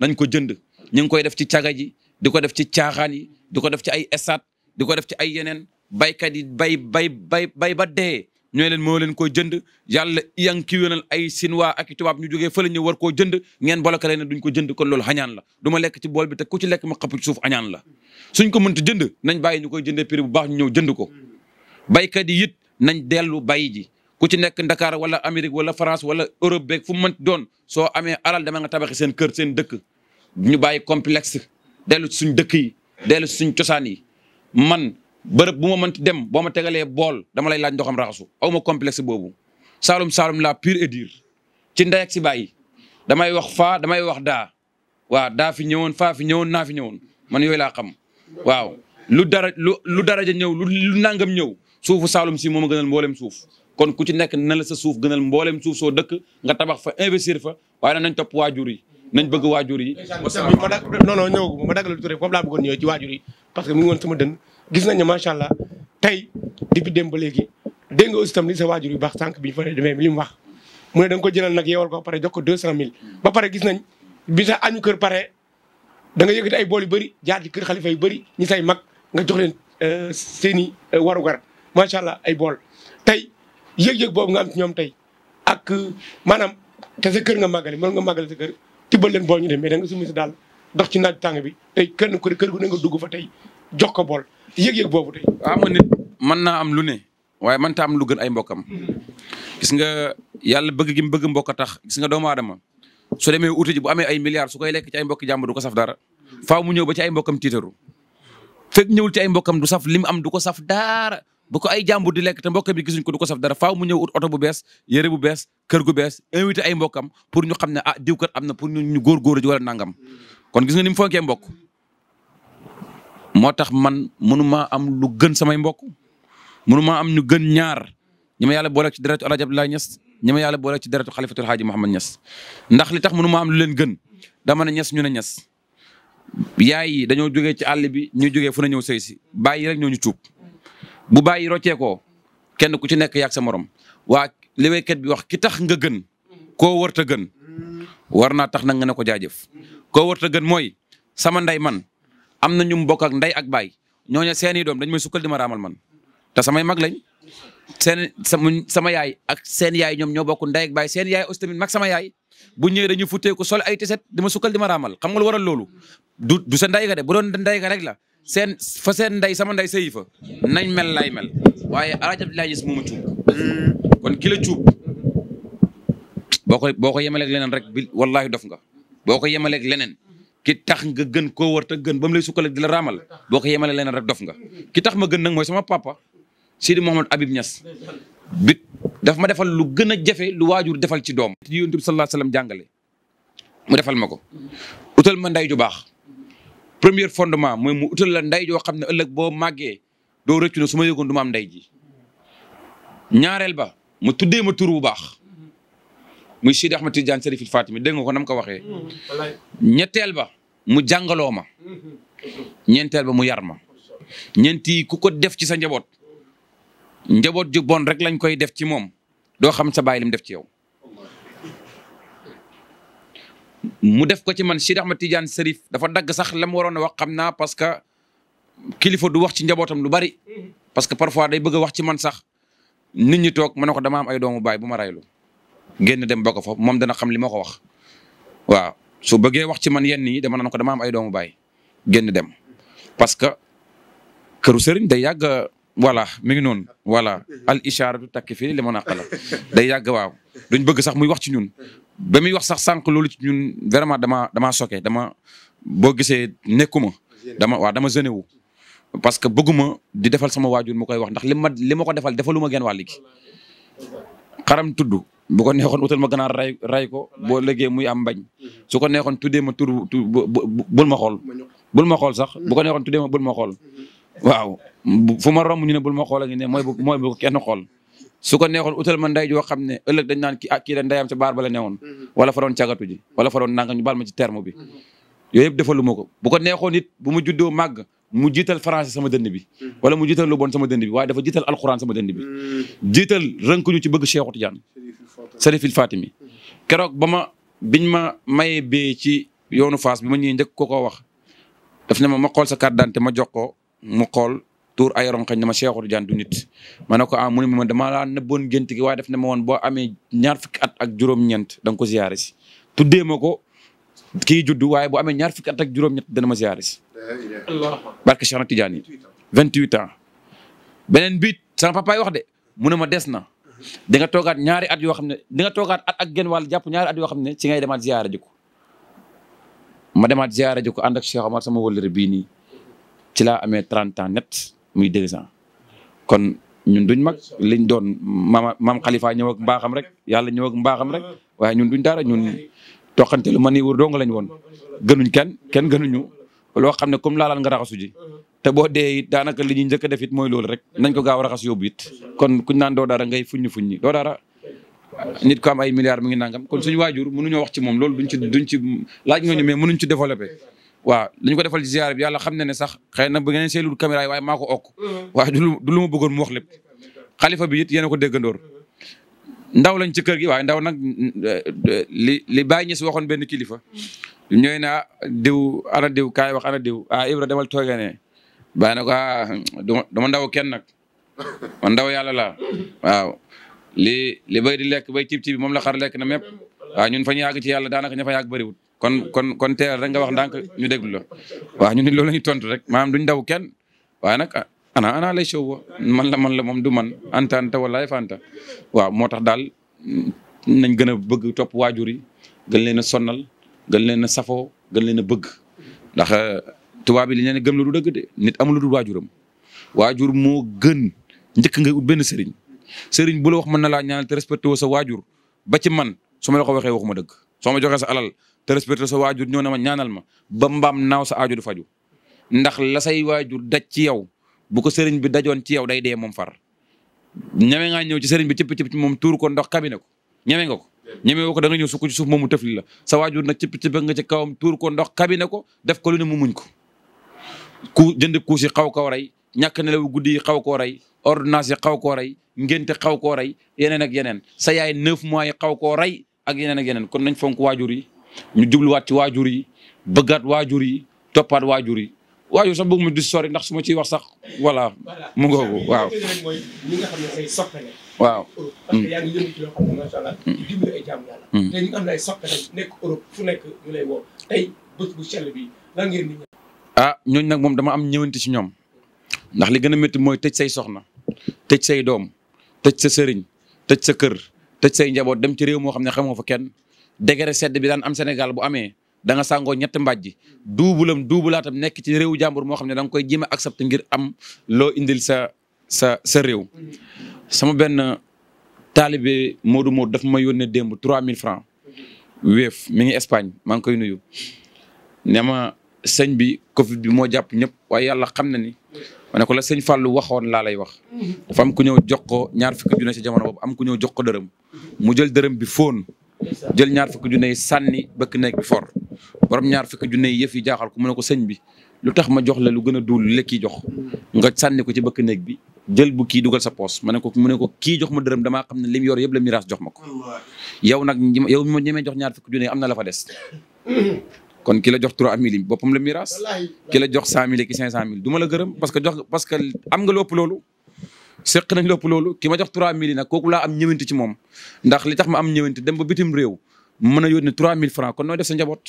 Speaker 2: nañ ko jënd ñu ngi koy def ci caga ji di ko def ci caaxaan yi di ko def ci ay esat di ko def ci ay yeneen baykat yi bay bay bay bay ba dee ñooy leen moo leen koo jënd yàlla yang ki wénal ay sinwaa ak i tubaab ñu jógee fële ñu war koo jënd ngeen bolaka leen ne duñ ko jënd ko loolu xañaan la du ma lekk ci bool bi te ku ci lekk ma xapp ci suuf añaan la suñ ko mënta jënd nañ bàyyi ñu koy jëndee prix bu baax ñu ñëw jënd ko baykat yi it nañ dellu bay ji ku ci nekk ndakaar wala Amérique wala France wala Europe beeg fu mu mënti doon soo amee alal dama nga tabaxee seen kër seen dëkk ñu bàyyi complexe dellu suñ dëkk yi dellu suñ cosaan yi man bërëb bu ma mënti dem boo ma tegalee bool dama lay laaj ndoxam raxasu aw ma complexe boobu saalum saalum la pure et dure ci ndey ak si bàyyi damay wax faa damay wax daa waaw daa fi ñëwoon faa fi ñëwoon naa fi ñëwoon man yooyu laa xam waaw lu dara lu lu daraja ñëw lu nangam ñëw suufu saalum si moom a gënal mboolem suuf kon ku ci nekk na la sa suuf gënal mboolem suuf soo dëkk nga tabax fa investir fa waaye nag nañ topp waajur yi nañ bëgg waajur yi.
Speaker 1: non non ñëw ma daggal Touré foofu laa bëggoon ñëw ci waajur yi parce que mu ngi woon sama dënn gis nañ ne macha allah tey depuis dem léegi dégg nga aussi tam li sa waajur baax sànq bi fa demee li mu wax mu ne da ko jëlal nag yeewal ko ba pare jox ko deux cent mille ba pare gis nañ bi sax añu kër pare da nga yëkkati ay bool yu bëri jaar ci kër xalifa yu bëri ñi say mag nga jox leen euh, seen i euh, warugar macha allah ay bool tey yëg-yëg boobu nga am ci ñoom tey ak maanaam te sa kër nga màggale mën nga màggale sa kër tibbal leen bool ñu dem mais da daal dox ci
Speaker 2: naaj tàng bi tey ku kër gu ne nga dugg fa tey jox ko bool yëg-yëg boobu tey. waaw man nit mën naa am lu ne waaye mën ta am lu gën ay mbokkam gis nga yàlla bëgg gi bëgg mbokk tax gis nga doomu aadama su demee uti ji bu amee ay milliards su koy lekk ci ay mbokki jàmbur du ko saf dara faaw mu ñëw ba ci ay mbokkam ci ay bu ko ay jàmbur di lekk te mbokk bi gisuñ ko du ko saf dara faaw mu ñëw oto bu bees yére bu bees kër gu bees invité ay mbokkam pour ñu xam ne ah diw kat am na pour ñu góorgóorlu ji wala nangam kon gis nga ni mu fonkee mbokk moo tax man mënumaa am lu gën samay mbokk mënumaa am ñu gën ñaar ñi ma yàlla boole ci deretu Alaaji Abdoulaye Niass ñi ma yàlla boole ci deretu xalifatul Haaji Mouhamad Niass ndax li tax mënumaa am lu leen gën dama na Niass ñu ne Niass yaay yi dañoo jógee ci àll bi ñu jógee fu ne ñëw sëy si bàyyi rek ñoo ñu cuub bu bàyyi rocceekoo kenn ku ci nekk yàgg sa morom waa li waykat bi wax ki tax nga gën koo warta gën war naa tax nag nga ne ko jaajëf koo warta gën mooy sama nday man am na ñu mbokk ak nday ak baay ñooñu seeni doom dañ may sukkal di ma raamal man te samay mag lañ seen sama yaay ak seen yaay ñoom ñoo bokk nday ak baay seen yaay aussi tamit mag sama yaay bu ñëwee dañuy futteeku sol ay tiset di ma sukkal di ma xam nga lu waral loolu du sa nday ga de bu doon nday ga rek la seen fa ndey sama ndey sëyi fa nañ mel lay mel waaye alaaj Abdoulaye Niass mooma cuub hmm. kon ki la cuub boo ko boo ko yemaleeg leneen rek bi wallaahi dof nga boo ko yemaleeg leneen ki tax nga gën koo war ta gën ba mu lay sukkaleeg di la raamal boo ko yemaleeg leneen rek dof nga ki tax ma gën nag mooy sama papa Sidi Mouhamed Habib ñas bit daf ma defal lu gën a jafe lu waajur defal ci doom yonent bi sallallahu alayhi jàngale mu defal ma ko utal ma ndey ju baax premier fondement mooy mu utal la ndey joo xam ne ëllëg boo màggee doo rëccu ne su ma yëgoon du ma am ndey ji ñaareel ba mu tuddee ma tur bu baax muy Sidi Ahmad Tidiane Serifil Fatimi dégg nga ko nam ko waxee ñetteel ba mu jàngaloo ma ñeenteel ba mu yar ma ñeenti ku ko def ci sa njaboot njaboot ju bon rek lañ koy def ci moom doo xam sa bàyyi lim def ci yow mu def ko ci man Cheikh Ahmad Tidiane Serif dafa dagg sax la mu waroon a wax xam na parce que kilifa du wax ci njabootam lu bari parce que parfois day bëgg wax ci man sax nit ñi toog ma ne ko dama am ay doomu baay bu ma raylu génn dem ba ko fa moom dana xam li ma ko wax waaw su bëggee wax ci man yenn yi dama naan ko dama am ay doomu baay génn dem parce que këru sëriñ day yàgg voilà mi ngi noonu voilà al ishaara du takki fii li ma naqala day yàgg waaw duñ bëgg sax muy wax ci ñun ba muy wax sax sànq loolu ci ñun vraiment dama damaa soke dama boo gisee nekkuma dama waaw dama gêné wu parce que bëgguma di defal sama waajur mu koy wax ndax li ma li ma ko defal defaluma genn wàll gi xaram tudd bu ko neexoon utal ma ganaar ray ray ko boo légee muy am mbañ su ko neexoon tuddee ma tur bul ma xool bul ma xool sax bu ko neexoon tuddee ma bul ma xool waaw fu ma romb ñu ne bul ma xool ak ne mooy bu mooy bu kenn xool su ko neexoon utal ma nday joo xam ne ëllëg dañ naan ki ak ah, kii da ndayam ca baar ba la newoon mm-hmm. wala fa doon cagatu ji wala fa doon nanga ñu baal ma ci terme bi mm-hmm. yooyu yëpp defalu ma ko bu ko neexoon it bu mu juddoo màgg mu jiital français sama dënn bi mm-hmm. wala mu jiital lu sama dënd bi waaye dafa jiital alxuraan sama dënd bi jiital rënk ñu ci bëgg Cheikh Tidiane Serifil Fatimi keroog ba ma biñ ma mayee bee ci yoonu Faas bi ma ñëwee njëkk ko koo wax daf ne ma ma xool sa carte d'identité ma jox ko mu xool tuur ay ronkañ dama Cheikh Tidiane du nit ma ne ko ah mu ne ma damaa laa bon gént gi waaye def na ma woon boo amee ñaar fukki at ak juróom-ñeent da nga ko ziare ko kii juddu waaye bu amee ñaar fukki at ak juróom-ñett dana ma ziare si. barke Cheikh Tidiane yi 28 ans beneen biit sama papaay wax de mu ne ma des na di nga toogaat ñaari at yoo xam ne danga toogaat at ak genn wàll jàpp ñaari at yoo xam ne ci ngay demaat ziare ji ko ma demaat ziare ji ko ànd ak Cheikh Omar sama wëllëre bii nii. ci laa amee trente ans net muy deux ans kon ñun duñ mag liñ doon maama maam Khalifa ñëw ak mbaaxam rek yàlla ñëw ak mbaaxam rek waaye ñu duñ dara ñun toqante lu ma nii wër dong lañ woon gënuñ kenn kenn gënuñu loo xam ne comme laalaan nga raxasu te boo dee it daanaka li ñuy njëkk a def it mooy loolu rek nañ ko gaaw a raxas yóbbu it kon kuñ naan doo dara ngay fuññi fuññi doo dara nit ko am ay milliards mu ngi nangam kon suñu waajur mënuñoo moom loolu duñ ci duñ ci laaj nga ñu mais mënuñ ci développé waaw li ñu ko defal ci ziar bi yàlla xam na ne sax xëy na bu ngeen seelul caméra yi waaye maa ko okk waaye du lu du ma bëggoon mu wax lépp xalifa bi it yéen a ko déggandoor ndaw lañ ci kër gi waaye ndaw nag li li bàyyi si waxoon benn kilifa ñooy naa diw ana diw kaay wax ana diw ah, demal toogee ne bàyyi na ko ah ndaw kenn nag man ndaw yàlla laa waaw li li bay lekk bay cib cib moom la xar lekk na mépp waaw ñun fa ñu ci yàlla daanaka ña fa yàgg bëriwut kon kon kon teelal rek nga wax ndànk ñu déglu la waaw ñu ni loolu la ñu tontu rek maanaam duñ daw kenn waaye nag ana ana lay show man la man la moom du man anta anta walaay fanta waaw moo tax daal nañ gën a bëgg topp waajur yi gën leen a sonnal gën leen a safoo gën leen a bëgg ndax euh, tubaab yi li leen gëm lu dëgg de nit amul lu dul waajuram waajur moo gën njëkk nga ut benn sëriñ sëriñ bu la wax mën na laa ñaanal te respecté woo sa waajur ba ci man su ma la ko waxee waxuma dëgg soo ma joxee sa alal te respecté sa waajur ñoo na ma ñaanal ma ba mbaam naaw sa aaju du faju ndax la say waajur daj ci yow bu ko sëriñ bi dajoon ci yow day dee moom far ñeme ngaa ñëw ci sëriñ bi cëpp cëpp ci moom tuur ko ndox kabine ko ñeme nga ko ñeme woo ko da nga ñëw sukk ci suuf moomu tëfli la sa waajur nag cëpp cëpp nga ci kawam tuur ko ndox kabine ko def ko lu ne mu muñ ko ku jënd kuus yi xaw koo rey ñàkk nelaw guddi yi xaw koo rey ordonnance yi xaw koo rey ngénte xaw koo rey yeneen ak yeneen sa yaay neuf mois yi xaw koo rey ak yeneen ak kon nañ fonk waajur yi ñu jubluwaat ci waajur yi bëggaat waajur yi toppaat waajur yi waajur sax bëgg mu di sori ndax su ma ciy wax sax voilà. mu waaw.
Speaker 1: ñi nga xam mm.
Speaker 2: mm. ah ñooñu nag moom dama am ñëwanti ci ñoom ndax li gën a métti mooy tëj say soxna tëj say doom tëj sa sëriñ tëj sa kër tëj say njaboot dem ci réew moo xam ne xamoo fa kenn degré sedd bi daan am Sénégal bu amee da nga sàngoo ñetti mbàjj duubulam duubulaatam nekk ci réewu jàmbur moo xam ne danga koy jéem a accepté ngir am loo indil sa sa sa réew. sama benn taalibe modu Modou daf ma yónnee démb 3000 francs wéef mi ngi Espagne maa ngi koy nuyu ne ma sëñ bi Covid bi moo jàpp ñëpp waaye yàlla xam ne ni. ma ne ko la sëñ Fallou waxoon laa lay wax dafa am ku ñëw jox ko ñaar fukki junne ci jamono boobu am ku ñëw jox ko dërëm mu jël dërëm bi fóon jël ñaar fukki junne yi sànni bëkk nekk bi for borom ñaar fukki junne yi yëf yi jaaxal ko mu ne ko sëñ bi lu tax ma jox la lu gën a duul lekk jox nga sànni ko ci bëkk néeg bi jël bu kii dugal sa poos ma ne ko mu ne ko kii jox ma dërëm damaa xam ne lim mu yor yëpp la miraas jox ma ko yow nag yow mi ma ñemee jox ñaar fukki junne am na la fa des kon ki la jox trois mille boppam la miraas ki la jox cent mille ki cinq cent mille du la gërëm parce que jox parce que am nga lu ëpp loolu seq nañ lopp loolu ki ma jox 3000 yi nag kooku laa am ñëwante ci moom ndax li tax ma am ñëwante dem ba bitim réew mën a yónnee mille francs kon nooy def sa njaboot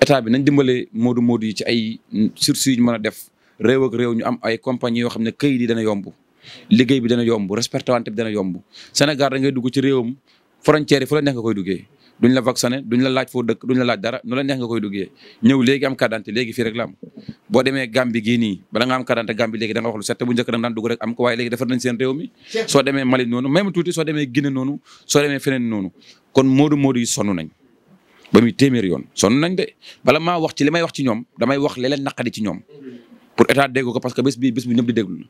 Speaker 2: état bi nañ dimbale moodu moodu yi ci ay sursis yu ñu def réew ak réew ñu am ay compagnie yoo xam ne këyit yi dana yomb liggéey bi dana yomb respecté wante bi dana yomb Sénégal da ngay dugg ci réewam frontière yi fu la nekk nga koy duggee duñ la vacciner duñ la laaj foo dëkk duñ la laaj dara nu la neex nga koy duggee ñëw léegi am carte léegi fi rek la boo demee Gambie gii nii bala nga am carte Gambie léegi da nga wax lu set bu njëkk da nga daan dugg rek am ko waaye léegi defar nañ seen réew mi soo demee Mali noonu même tuuti soo noonu soo demee feneen noonu kon moodu moodu yi sonn yoon sonn nañ bala maa wax ci li may wax ci ñoom damay wax li leen naqadi ci ñoom pour état dégg ko parce que bés bii bés bu ñëpp di déglu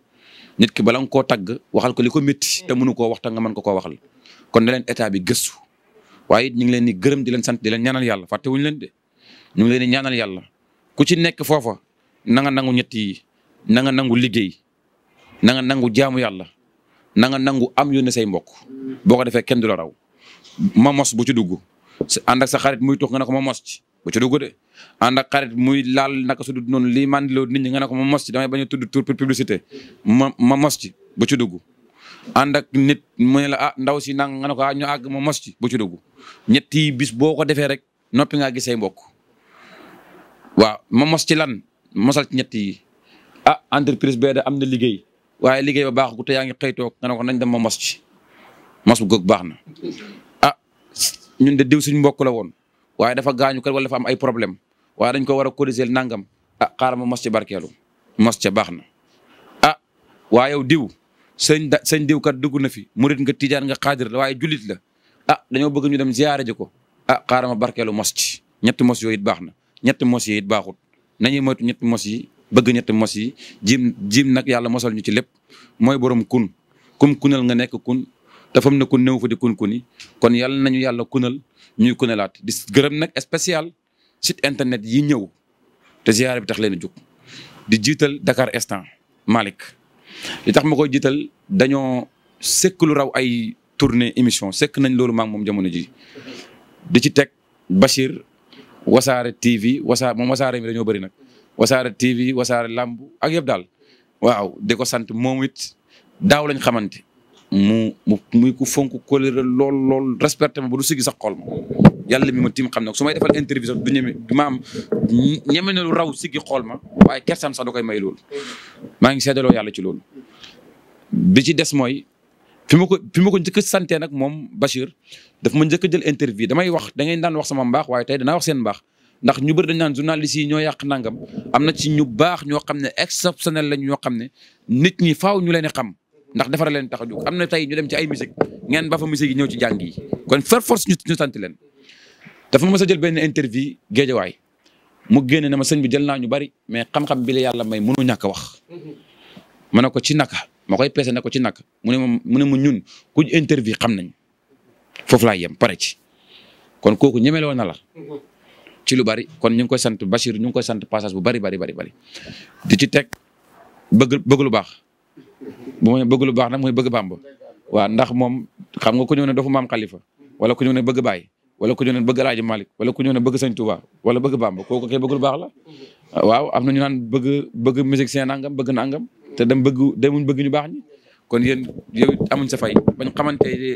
Speaker 2: nit ki bala nga koo tagg waxal ko li ko métti te mënu koo wax te nga mën ko koo waxal kon ne leen état bi gëstu waaye it ñu ngi leen di gërëm di leen sant di leen ñaanal yàlla fàtte wuñu leen de ñu ngi leen ñaanal yàlla ku ci nekk foofa na nga nangu ñett yi na nga nangu liggéey na nga nangu jaamu yàlla na nga nangu am yónne say mbok boo ko defee kenn du la raw ma mos bu ci dugg ànd ak sa xarit muy tox nga ne ko ma mos ci bu ci ànd ak xarit muy laal naka su dul noonu lii mandiloo nit ñi nga ne ko ma mos ci damay bañ a tudd tur publicité ma ma mos ci bu ci dugg ànd ak nit mu ne la ah ndaw si nang nga ne ko ah, ñu àgg ma mos ci bu ci dugg ñetti bis boo ko defee rek noppi ngaa gisee mbokk waaw ma mos ci lan mosal ci ñetti yi ah, entreprise bee da am na liggéey waaye liggéey ba baax te yaa ngi xëytoog nga ne ko nañ dem ma mos ci mos goog baax na a ah, ñun de diw suñ mbokk la woon waaye dafa gaañu kat wala am ay problème waaye dañ ko war a cotiser nangam ah xaaral ma mos ci barkeelu mos ca baax na ah waaye diw. sëñ da sëñ diw kat dugg na fi murit nga tijaan nga xaadir la waaye jullit la a ah, dañoo bëgg ñu dem ziyaare ji ko ah xaaral ma barkeelu mos ci ñetti mos yooyu baax na ñetti mos yi it baaxut nañuy moytu ñetti mos yi bëgg ñetti mos yi jiim jiim nag yàlla mosal ñu ci lépp mooy borom kun kum kunal nga nekk kun te fam ne kun néew fa di kun kuni kon yàlla nañu yàlla kunal ñuy kunalaat di gërëm nag spécial sit internet yi ñëw te ziyaare bi tax leen a jóg di jiital Dakar instant Malick li tax ma koy jiital dañoo sekkilu raw ay tournée émission sekk nañ loolu maak moom jamono ji di ci teg Bachir wasaare TV wasaare moom wasaare mi dañoo bëri nag wasaare TV wasaare làmb ak yëpp daal waaw de ko sant moom it daaw lañ xamanti mu mu muy ku fonk kóllëre lool lool respecté ma ba du sigi sax xol ma yàlla mi ma tiim xam ne su may defal interview sax du ñeme du ma am ñeme na lu raw siggi xool ma waaye kersan sax da koy may lool maa ngi seedaloo yàlla ci lool bi ci des mooy fi ma ko fi ma ko njëkk a santee nag moom Bachir daf ma njëkk a jël interview damay wax da ngeen daan wax sama mbaax waaye tey dana wax seen mbaax ndax ñu bëri dañ naan journaliste yi ñoo yàq nangam am na ci ñu baax ñoo xam ne exceptionnel lañ ñoo xam ne nit ñi faw ñu leen xam ndax defara leen tax a am na tey ñu dem ci ay musique ngeen ba fa musique yi ñëw ci jàng yi kon faire force leen dafa mës a jël benn interview géejawaay mu génne na ma sëñ bu jël naa ñu bari mais xam-xam bi la yàlla may mënu ñàkk wax. ma ne ko ci naka ma koy peese ne ko ci naka mu ne mu ne ma ñun kuñ interview xam nañ foofu laay yem pare ci kon kooku ñemeloo na la. ci lu bari kon ñu ngi koy sant Bachir ñu koy sant passage bu bari bari bari bari di ci teg bëgg lu baax bu bëgg lu baax nag mooy bëgg Bàmba waaw ndax moom xam nga ko ñëw ne dafa maam Khalifa wala ku ñëw ne bëgg Baye wala ku ñëw ne bëgg Alaaji Malick wala ku ñëw ne bëgg Sëñ Tuubaa wala bëgg Bamba kooku kay bëgg lu baax la waaw am na ñu naan bëgg bëgg musicien nangam bëgg nangam te dam bëgg demuñ bëgg ñu baax ñi kon yéen yow amuñ sa fay bañ xamante ne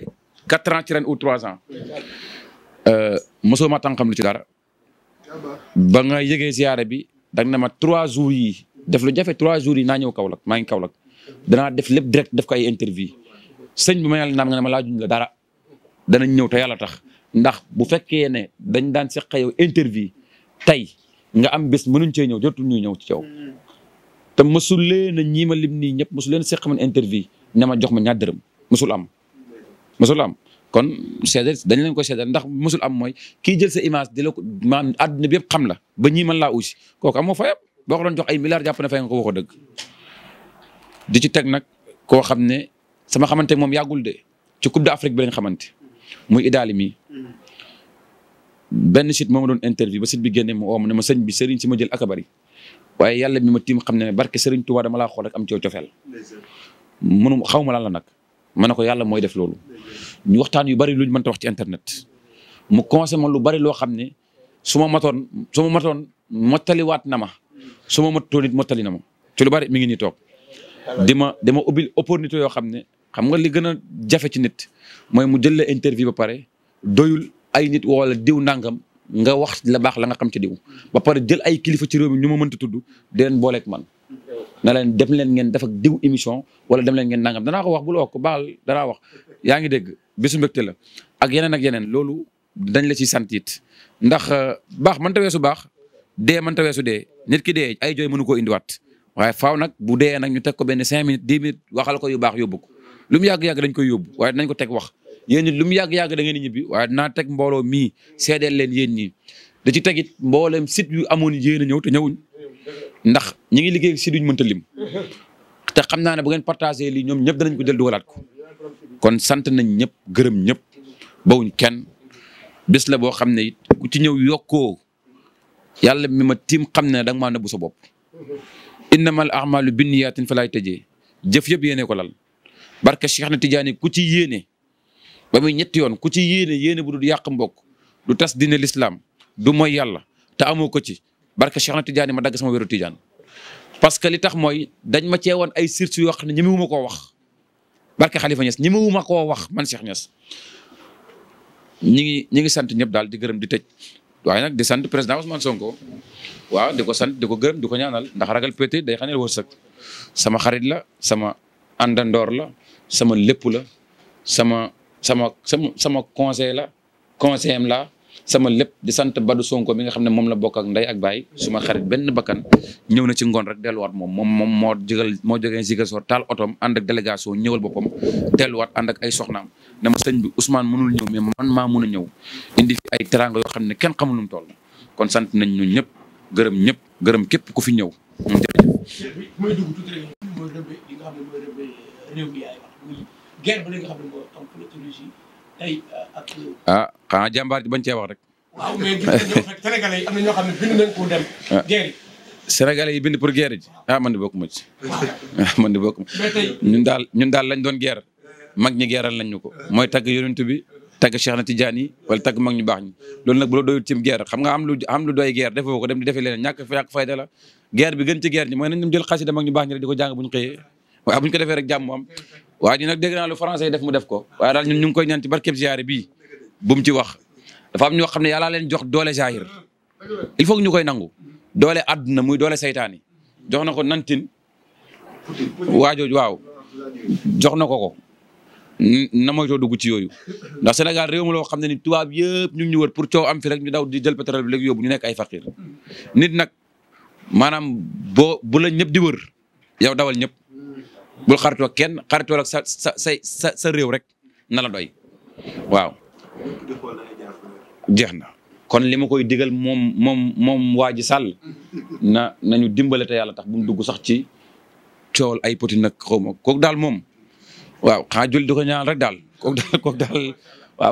Speaker 2: quatre ans ci ren ou trois ans euh, mosoo ma tànkam lu ci dara ba nga yëgee siyaare bi dag na ma trois jours yi def lu jafe trois jours yi naa ñëw Kaolack maa ngi Kaolack danaa def lépp direct def ko ay interview sëñ bi ma yàlla naam nga ma laajuñ la dara danañ ñëw te yàlla tax ndax bu fekkee ne dañ daan seq yow interview tey nga am bés mënuñ cee ñëw jotul ñuy ñëw ci yow te mosul leen a ñii ma lim nii ñëpp mosul leen seq man interview ne ma jox ma ñaar dërëm mosul am mosul am kon seedal dañ leen ko seedal ndax mosul am mooy kii jël sa image di la ko maanaam àdduna bi xam la ba ñii mën laa aussi kooku amoo fayam boo ko doon jox ay milliards jàpp na nga ko waxoo dëgg di ci teg nag koo xam ne sama xamante moom yàggul de ci Coupe d'Afrique bi lañ xamante muy idaali mi benn sit moo ma doon interview ba site bi génne mu oom ne ma sëñ bi sëriñ si ma jël ak a bari waaye yàlla mi ma tiim xam ne barke sëriñ Tuubaa dama laa xool rek am ci cofeel mënu xaw ma lan la nag ma ne ko yàlla mooy def loolu ñu waxtaan yu bari luñ mënta wax internet mu conseillé ma lu bari loo xam ne su ma matoon su ma matoon mottaliwaat na ma suma ma mottali na ma ci lu bari mi ngi nii toog di ma di ma ubbil opportunité yoo xam ne xam nga li gën a jafe ci nit mooy mu jël la interview ba pare doyul ay nit wala diw nangam nga wax la baax la nga xam ci diw ba pare jël ay kilifa ci réew mi ñu ma mënta tudd di leen man na leen dem leen ngeen def ak diw émission wala dem leen ngeen nangam danaa ko wax bu la wax ko baal danaa wax yaa ngi dégg bisu mbégte la ak yeneen ak yeneen loolu dañ la ciy sant it ndax euh, baax man ta weesu baax dee man ta weesu dee nit ki dee ay jooy mënu ko indiwaat waaye faaw nag bu dee nag ñu teg ko benn cinq minutes dix minutes waxal ko yu baax yóbbu ko lu yàgg-yàgg dañ koy yóbbu waaye dañ ko teg wax yéen it lu mu yàgg-yàgg da ngeen di ñibbi waaye dinaa teg mbooloo mi seedeel leen yéen ñi da ci tegit mbooleem siit yu amoon yéen a ñëw te ñëwuñ ndax ñi ngi liggéey si duñ mënta lim te xam naa ne bu ngeen partagé lii ñoom ñëpp danañ ko jël dugalaat ko kon sant nañ ñëpp gërëm ñëpp bawuñ kenn bés la boo xam ne it ku ci ñëw yokkoo yàlla mi ma tiim xam ne da nga maa nëbbu sa bopp innamal a'malu binniyaatin fa laay jee jëf yëpp yéene ko lal barke Cheikh na Tidiane ku ci yéene ba muy ñetti yoon ku ci yéene yéene bu dul yàq mbokk du tas dina lislaam du mooy yàlla te amoo ko ci barke Cheikh na ma dagg sama wéru Tidiane. parce que li tax mooy dañ ma cee woon ay surtout yoo xam ne ñemewuma koo wax barke Khalifa Niass ñemewuma koo wax man seex Niass ñi ngi ñi ngi sant ñëpp daal di gërëm di tëj. waaye nag di sant président Ousmane Sonko waaw di ko sant di ko gërëm di ko ñaanal ndax ragal pété day xaneel wërsëg sama xarit la sama àndandoor la sama lépp la sama. sama sama sama conseil la conseil am la sama lépp di sant Badou Sonko mi nga xam ne moom la bokk ak ndey ak baay suma xarit benn bakkan ñëw na ci ngoon rek delluwaat moom moom moom moo jëgal moo jógee Ziguinchor taal otoom ànd ak délégation ñëwal boppam delluwaat ànd ak ay soxnaam ma sëñ bi Ousmane mënul ñëw mais man maa mën a ñëw indi fi ay teranga yoo xam ne kenn xamul nu mu kon sant nañ ñun ñëpp gërëm ñëpp gërëm képp ku fi ñëw.
Speaker 1: jërëjëf. guerre ba léegi nga euh,
Speaker 2: ah, bañ cee wax rek.
Speaker 1: waaw yi am na ñoo xam ne bind nañ ko
Speaker 2: ah. yi bind pour guerre ji ah man di bokkuma ci. waaw [LAUGHS] man di bokkuma ñun daal ñun daal lañ doon guerre mag ñi geer geeral lañ ñu ko mooy tagg yonent bi tagg Cheikh na Tidiane yi wala tagg mag ñu baax ñi loolu nag bu la doyul cim guerre xam nga am lu am lu doy guerre defoo ko dem di defee leneen ñàkk fa ñàkk fayda la guerre bi gën ci guerre ñi mooy nañ dem jël xasida mag ñu baax ñi rek di ko jàng bu ñu xëyee waaw bu ko defee rek jàmm am waa ji nag dégg naa lu français def mu def ko waaye daal ñun ñu ngi koy ñaan ci barkeb ziare bii bu mu ci wax dafa am ñoo xam ne yàllaa leen jox doole zahir il faut ñu koy nangu doole àdduna muy doole saytaan yi jox na ko nantin waajooj waaw jox na ko ko na moytoo dugg ci yooyu ndax Sénégal réew mi loo xam ne ni tubaab yëpp ñu ngi ñu wër pour coow am fi rek ñu daw di jël pétrole bi léegi yóbbu ñu nekk ay faqir nit nag maanaam bo bu la ñëpp di wër yow dawal ñëpp bul xarito kenn xaritoo ak sa sa sa sa réew rek na la doy waaw. jeex na kon li ma koy digal moom moom moom waa ji sàll na ñu dimbale te yàlla tax bu mu dugg sax ci coowal ay poti nag xaw ma kooku daal moom waaw xanaa jul di ko ñaan rek daal kooku daal kooku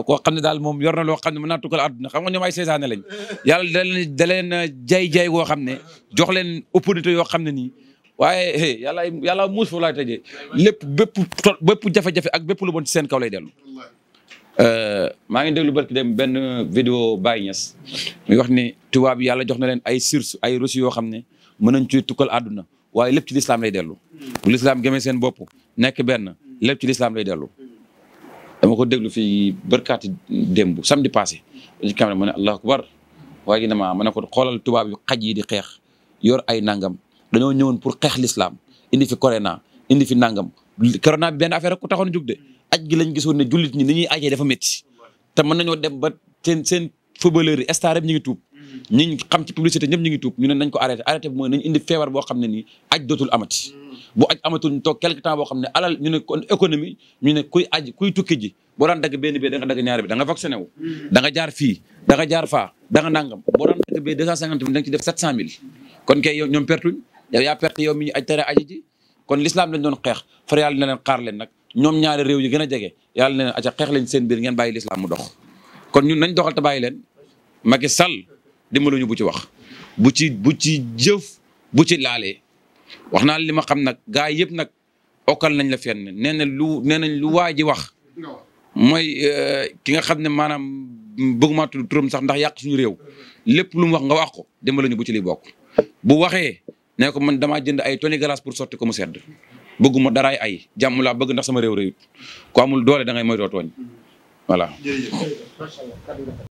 Speaker 2: koo xam ne daal moom yor na loo xam ne mën naa tukkal àdduna xam nga ñoom ay seytaane lañ yàlla da leen da leen jaay jaay goo xam ne jox leen opportunité yoo xam ne nii. waaye yàlla yàlla muus fa laay tëjee lépp bépp bépp jafe-jafe ak bépp lu bon ci seen kaw lay dellu. Euh, maa ngi déglu barki dem benn vidéo Baye ñas muy wax ni tubaab yàlla jox na leen ay source ay reçu yoo xam ne mën nañ ci tukkal àdduna waaye lépp ci lislaam lay dellu. bu lislaam geme seen boppu nekk benn lépp ci lislaam lay dellu. dama ko déglu fi barkaati démb samedi passé. ci caméra ma allahu akbar waaye ji damaa ma ne ko xoolal tubaab yu xaj yi di xeex yor ay nangam. dañoo ñëwoon pour xeex l'islam indi fi corona indi fi nangam corona bi benn affaire rek ku taxoon jug de aj gi lañ gisoon ne jullit ñi ni ñuy ajee dafa métti te mën nañoo dem ba seen seen footballeurs yi star yëpp ñu ngi tuub ñi xam ñu ngi tuub ñu ne nañ ko arrêté arrêté boo xam ne nii aj dootul amati boo xam ne alal ñu ne kon économie ñu ne kuy aj kuy benn bi da nga bi da nga vacciné jaar fii da nga jaar da nga nangam boo daan dagg bee deux cent cinquante pertuñ yow yaa perte yow mi ñu aj tere aji ji kon l'islam lañ doon xeex far yàlla na leen xaar leen nag ñoom ñaar réew yi gën a jege yàlla na leen aca xeex leen seen biir ngeen bàyyi l'islam mu dox kon ñun nañ doxal te bàyyi leen Macky Sall dimbaluñu bu ci wax bu ci bu ci jëf bu ci laalee wax naa li ma xam nag gaa yëpp nag okal nañ la fenn nee na lu nee nañ lu waa ji wax mooy eh, ki nga xam ne maanaam bëgguma tudd turam sax ndax yàq suñu réew lépp lu wax nga wax ko dimbaluñu bu ci li bokk bu waxee ne ko man damaa jënd ay toni glace pour sotti ko mu sedd bëgguma dara ay jàmm laa bëgg ndax sama réew réewut ku amul doole da ngay moytoo tooñ voilà.